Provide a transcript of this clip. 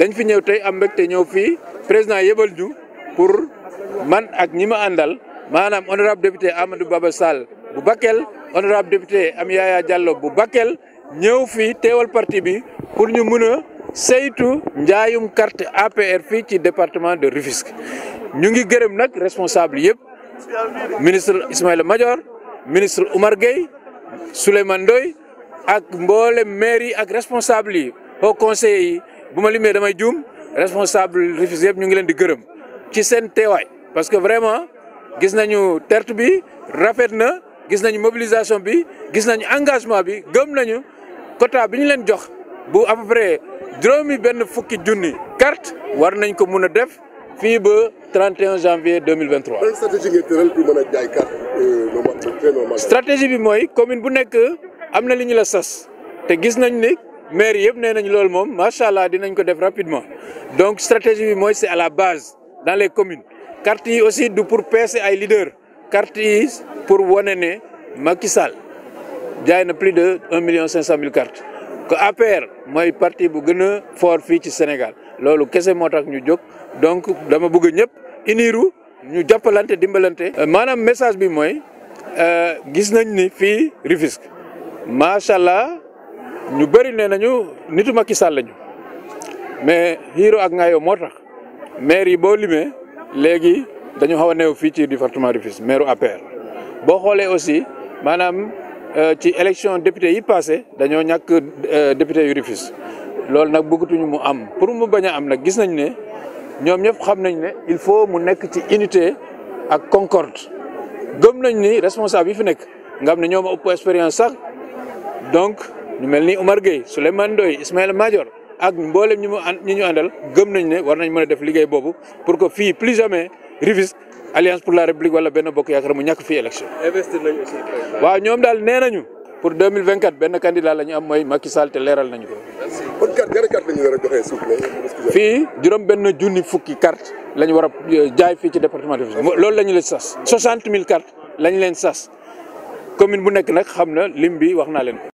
dañ fi ñëw tey am mbégte ñëw fii président yëbal ñu pour man ak ñi ma àndal maanaam honorable député Amadou Baba Sall bu Bakel honorable député am Yaya Diallo bu Bakel ñëw fii teewal parti bi pour ñu mun a saytu njaayum carte APR fii ci département de Rufisque ñu ngi gërëm nag responsable yëpp ministre Ismaïla Madior ministre Oumar Gueye Souleymane Ndoye ak mboolem maire yi ak responsable yi au conseil yi bu ma limee damay juum responsable Rufisque yëpp ñu ngi leen di gërëm ci seen teewaay parce que vraiment gis nañu tertu bi rafet na gis nañu mobilisation bi gis nañu engagement bi gëm nañu quota bi ñu leen jox bu à peu juróomi benn fukki junni carte war nañ ko mun a def fii ba 31 janvier 2023. ban stratégie ngeen tëral pour euh, bi mooy commune bu nekk am na li ñu la sas te gis nañ ni. maire lool rapidement donc stratégie bi c'est à la base dans les communes carte aussi pour ay leaders carte pour wane makissal Macky Sall jaay plus de 1 million de cartes que APR parti bu gëna fort fi Sénégal loolu kessé que ñu donc dama bëgg ñëpp ñu dimbalante. Euh, Mon message bi euh gis nañ ni ñu bëri nee nañu nitu Macky Sall lañu mais xiiro ak ngaayoo moo tax maire yi boo limee léegi dañu xaw a néew fii ci département Rufisque maire APR boo xoolee aussi maanaam euh, ci élection député yi passé dañoo ñàkk euh, député yu Rufisque loolu nag bëggatuñu mu am pour mu bañ a am nag gis nañ ne ñoom ñëpp xam nañ ne il faut mu nekk ci unité ak concorde gëm nañ ni responsable yi fi nekk nga xam ne ñoom ëpp expérience sax donc ñu melni Omar Gueye Souleymane Doy Ismaël Major ak mbolem ñu ñu ñu andal gëm nañ ne war nañ mëna def liggéey bobu pour que fi plus jamais Rufisque Alliance pour la République wala benn bokk yaakaar mu ñak fi élection investir nañ aussi wa ñom dal nee nañu pour 2024 benn candidat lañu am moy Macky Sall té léral nañ ko kon carte gën carte ñu wara joxé souple fi juroom fii juróom benn junni fukki carte lañu wara euh, jaay fi ci département de Rufisque loolu lañu leen sas 60000 carte lañ leen sas commune bu nek nak xamna limbi waxna bi leen ko